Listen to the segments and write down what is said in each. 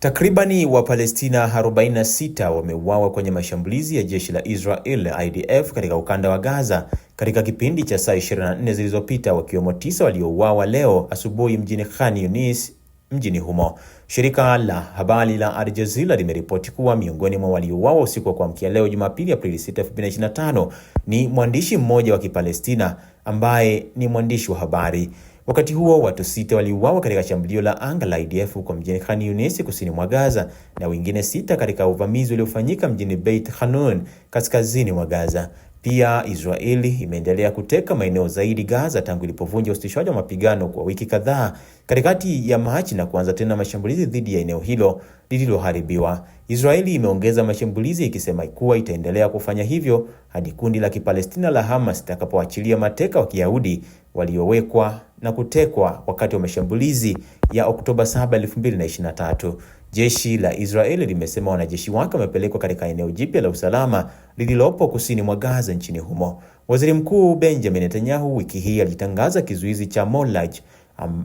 Takribani Wapalestina 46 wameuawa kwenye mashambulizi ya jeshi la Israel IDF katika ukanda wa Gaza katika kipindi cha saa 24 zilizopita, wakiwemo tisa waliouawa leo asubuhi mjini Khan Yunis mjini humo. Shirika la habari la Al Jazeera limeripoti kuwa miongoni mwa waliouawa usiku wa kuamkia leo Jumapili, Aprili 6, 2025 ni mwandishi mmoja wa Kipalestina ambaye ni mwandishi wa habari. Wakati huo watu sita waliuawa katika shambulio la anga la IDF huko mjini Khan Yunis kusini mwa Gaza na wengine sita katika uvamizi uliofanyika mjini Beit Hanun kaskazini mwa Gaza. Pia Israeli imeendelea kuteka maeneo zaidi Gaza tangu ilipovunja usitishwaji wa mapigano kwa wiki kadhaa katikati ya Machi na kuanza tena mashambulizi dhidi ya eneo hilo lililoharibiwa. Israeli imeongeza mashambulizi ikisema kuwa itaendelea kufanya hivyo hadi kundi la Kipalestina la Hamas litakapoachilia mateka wa Kiyahudi waliowekwa na kutekwa wakati wa mashambulizi ya Oktoba 7, 2023. Jeshi la Israeli limesema wanajeshi wake wamepelekwa katika eneo jipya la usalama lililopo kusini mwa Gaza nchini humo. Waziri Mkuu Benjamin Netanyahu wiki hii alitangaza kizuizi cha Molaj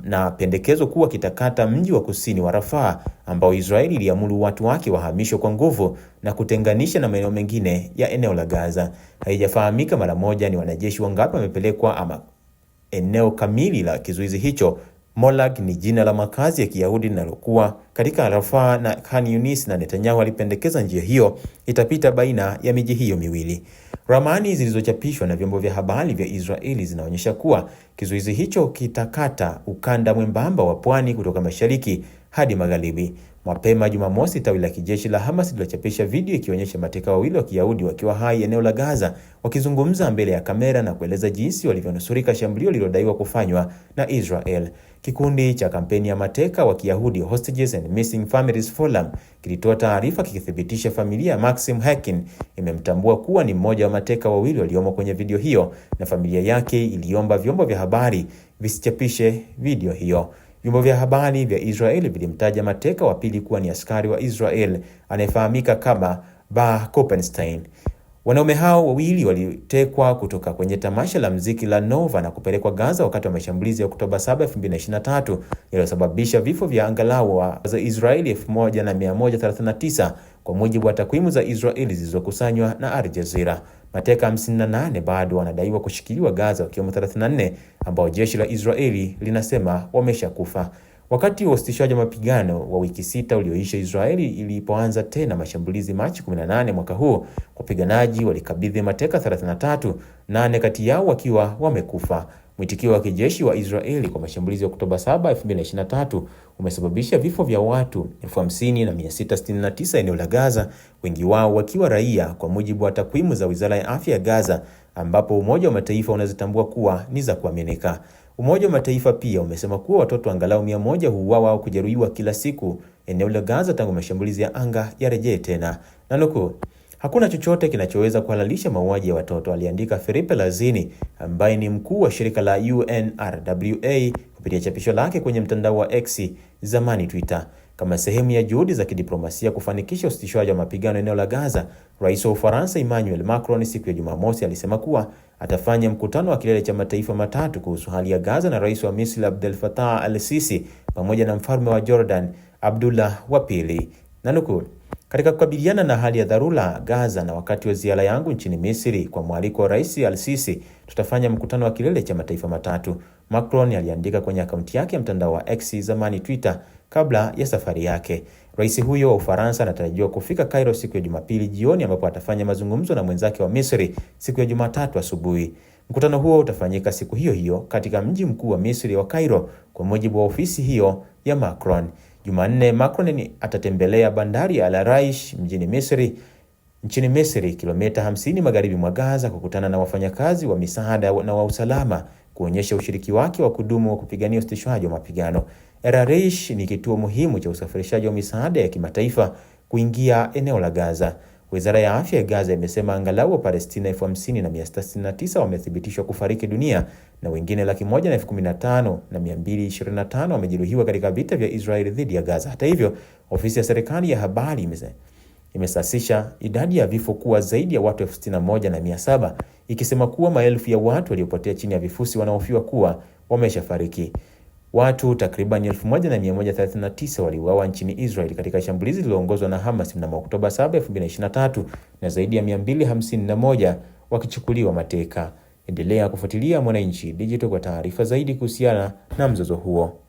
na pendekezo kuwa kitakata mji wa kusini wa Rafah ambao Israeli iliamuru watu wake wahamishwe kwa nguvu na kutenganisha na maeneo mengine ya eneo la Gaza. Haijafahamika mara moja ni wanajeshi wangapi wamepelekwa ama eneo kamili la kizuizi hicho. Molag, ni jina la makazi ya Kiyahudi linalokuwa katika Rafah na Khan Yunis, na Netanyahu alipendekeza njia hiyo itapita baina ya miji hiyo miwili. Ramani zilizochapishwa na vyombo vya habari vya Israeli zinaonyesha kuwa kizuizi hicho kitakata ukanda mwembamba wa pwani kutoka mashariki hadi magharibi. Mapema Jumamosi, tawi la kijeshi la Hamas lililochapisha video ikionyesha mateka wawili wa Kiyahudi wakiwa hai eneo la Gaza wakizungumza mbele ya kamera na kueleza jinsi walivyonusurika shambulio lililodaiwa kufanywa na Israel. Kikundi cha kampeni ya mateka wa Kiyahudi Hostages and Missing Families Forum kilitoa taarifa kikithibitisha familia ya Maxim Hakin imemtambua kuwa ni mmoja wa mateka wawili waliomo kwenye video hiyo, na familia yake iliomba vyombo vya habari visichapishe video hiyo. Vyombo vya habari vya Israel vilimtaja mateka wa pili kuwa ni askari wa Israel anayefahamika kama Bar copenstein Wanaume hao wawili walitekwa kutoka kwenye tamasha la mziki la Nova na kupelekwa Gaza wakati wa mashambulizi ya Oktoba 7, 2023 yaliyosababisha vifo vya angalau wa Israeli 1139 kwa mujibu wa takwimu za Israeli zilizokusanywa na Al Jazeera. Mateka 58 bado wanadaiwa kushikiliwa Gaza, wakiwemo 34 ambao jeshi la Israeli linasema wameshakufa. Wakati wa usitishaji wa mapigano wa wiki sita ulioisha Israeli ilipoanza tena mashambulizi Machi 18 mwaka huu, wapiganaji walikabidhi mateka 33, nane kati yao wakiwa wamekufa. Mwitikio wa kijeshi wa Israeli kwa mashambulizi ya Oktoba 7, 2023 umesababisha vifo vya watu 50,669 eneo la Gaza, wengi wao wakiwa raia, kwa mujibu wa takwimu za Wizara ya Afya ya Gaza, ambapo Umoja wa Mataifa unazitambua kuwa ni za kuaminika. Umoja wa Mataifa pia umesema kuwa watoto angalau 100 huuawa au kujeruhiwa kila siku eneo la Gaza tangu mashambulizi ya anga yarejee tena. Nanukuu, Hakuna chochote kinachoweza kuhalalisha mauaji ya watoto, aliandika felipe Lazini ambaye ni mkuu wa shirika la UNRWA kupitia chapisho lake kwenye mtandao wa X zamani Twitter. Kama sehemu ya juhudi za kidiplomasia kufanikisha usitishwaji wa mapigano eneo la Gaza, Rais wa Ufaransa Emmanuel Macron siku ya Jumamosi alisema kuwa atafanya mkutano wa kilele cha mataifa matatu kuhusu hali ya Gaza na Rais wa Misri Abdel Fattah al-Sisi pamoja na mfalme wa Jordan Abdullah wa pili. Nanukuu, katika kukabiliana na hali ya dharura Gaza na wakati wa ziara yangu nchini Misri kwa mwaliko wa Rais Al-Sisi, tutafanya mkutano wa kilele cha mataifa matatu, Macron aliandika kwenye akaunti yake ya mtandao wa X, zamani Twitter, kabla ya safari yake. Rais huyo wa Ufaransa anatarajiwa kufika Cairo siku ya Jumapili jioni, ambapo atafanya mazungumzo na mwenzake wa Misri siku ya Jumatatu asubuhi. Mkutano huo utafanyika siku hiyo hiyo katika mji mkuu wa Misri wa Cairo, kwa mujibu wa ofisi hiyo ya Macron. Jumanne, Macron atatembelea bandari ya Al mjini Misri nchini Misri, kilomita 50 magharibi mwa Gaza, kukutana na wafanyakazi wa misaada na wa usalama kuonyesha ushiriki wake wa kudumu wa kupigania usitishwaji wa mapigano. Al ni kituo muhimu cha usafirishaji wa misaada ya kimataifa kuingia eneo la Gaza. Wizara ya afya ya Gaza imesema angalau Wapalestina Palestina hamsini wamethibitishwa kufariki dunia na wengine laki moja na elfu kumi na tano na mia mbili ishirini na tano wamejeruhiwa katika vita vya Israeli dhidi ya Gaza. Hata hivyo, ofisi ya serikali ya habari imesasisha idadi ya vifo kuwa zaidi ya watu elfu sitini na moja na mia saba ikisema kuwa maelfu ya watu waliopotea chini ya vifusi wanahofiwa kuwa wameshafariki. Watu takriban 1139 waliuawa nchini Israel katika shambulizi lililoongozwa na Hamas mnamo Oktoba 7, 2023 na zaidi ya 251 wakichukuliwa mateka. Endelea kufuatilia Mwananchi Digital kwa taarifa zaidi kuhusiana na mzozo huo.